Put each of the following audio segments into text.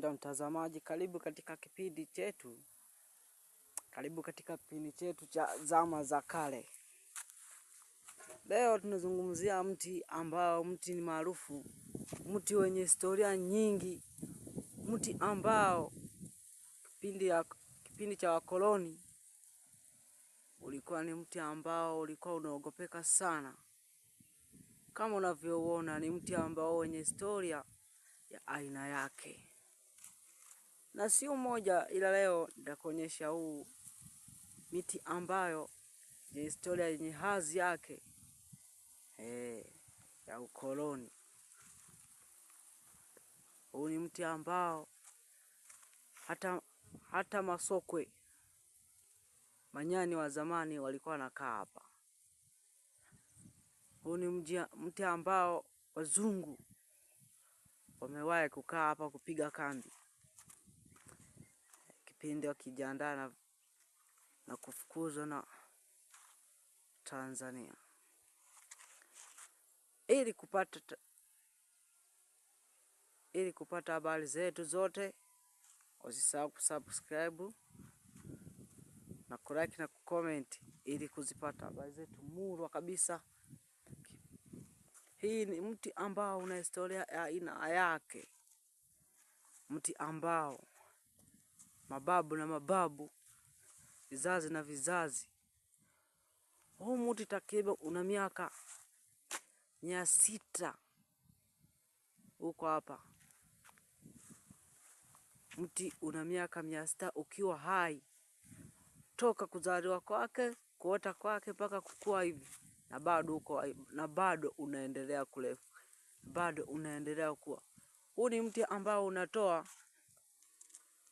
Mpendwa mtazamaji, karibu katika kipindi chetu, karibu katika kipindi chetu cha Zama za Kale. Leo tunazungumzia mti ambao mti ni maarufu, mti wenye historia nyingi, mti ambao kipindi ya kipindi cha wakoloni ulikuwa ni mti ambao ulikuwa unaogopeka sana. Kama unavyouona ni mti ambao wenye historia ya aina yake na sio moja, ila leo nitakuonyesha huu miti ambayo ni historia yenye hazi yake hey, ya ukoloni. Huu ni mti ambao hata, hata masokwe manyani wa zamani walikuwa wanakaa hapa. Huu ni mti ambao wazungu wamewahi kukaa hapa kupiga kambi pindi wakijiandaa na, na kufukuzwa na Tanzania ili kupata ili kupata habari zetu zote, usisahau kusubscribe na kulike na kucomment ili kuzipata habari zetu murwa kabisa. Hii ni mti ambao una historia ya aina yake, mti ambao mababu na mababu, vizazi na vizazi. Huu muti takriban una miaka mia sita huko hapa. Mti una miaka mia sita ukiwa hai, toka kuzaliwa kwake, kuota kwake mpaka kukua hivi, na bado uko na bado unaendelea kurefu, bado unaendelea kuwa. Huu ni mti ambao unatoa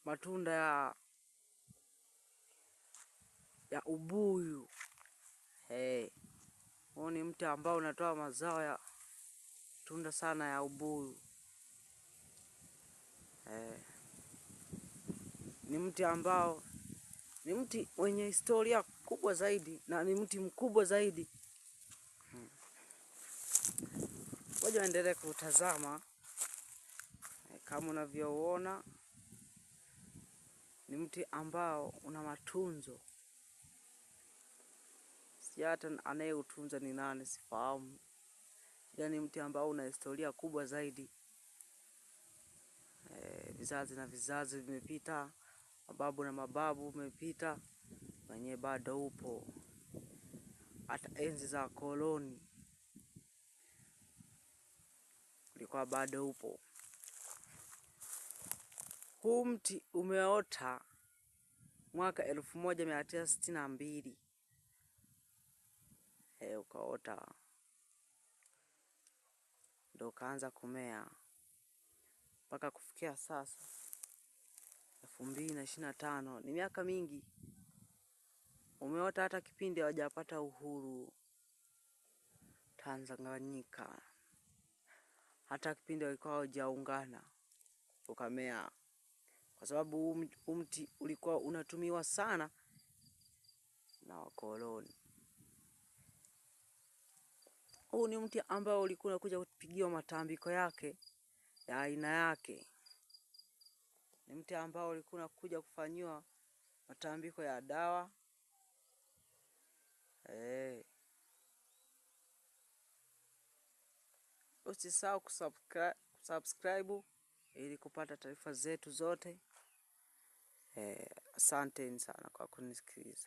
matunda ya, ya ubuyu hey. Huu ni mti ambao unatoa mazao ya tunda sana ya ubuyu hey. Ni mti ambao ni mti wenye historia kubwa zaidi na ni mti mkubwa zaidi. waja hmm. Waendelee kutazama kama unavyouona ni mti ambao una matunzo, si hata anayeutunza ni nani sifahamu, ila yaani mti ambao una historia kubwa zaidi. E, vizazi na vizazi vimepita, mababu na mababu vimepita, wenyewe bado upo hata enzi za koloni ulikuwa bado upo. Huu mti umeota mwaka elfu moja mia tisa sitini na mbili e, ukaota ndo ukaanza kumea mpaka kufikia sasa elfu mbili na ishirini na tano. Ni miaka mingi umeota, hata kipindi hawajapata uhuru tanzanganyika hata kipindi walikuwa hawajaungana ukamea kwa sababu huu mti ulikuwa unatumiwa sana na wakoloni. Huu ni mti ambao ulikuwa unakuja kupigiwa matambiko yake ya aina yake. Ni mti ambao ulikuwa unakuja kufanyiwa matambiko ya dawa eh. Usisahau kusubscribe ili kupata taarifa zetu zote. Eh, asanteni eh, sana kwa kunisikiliza.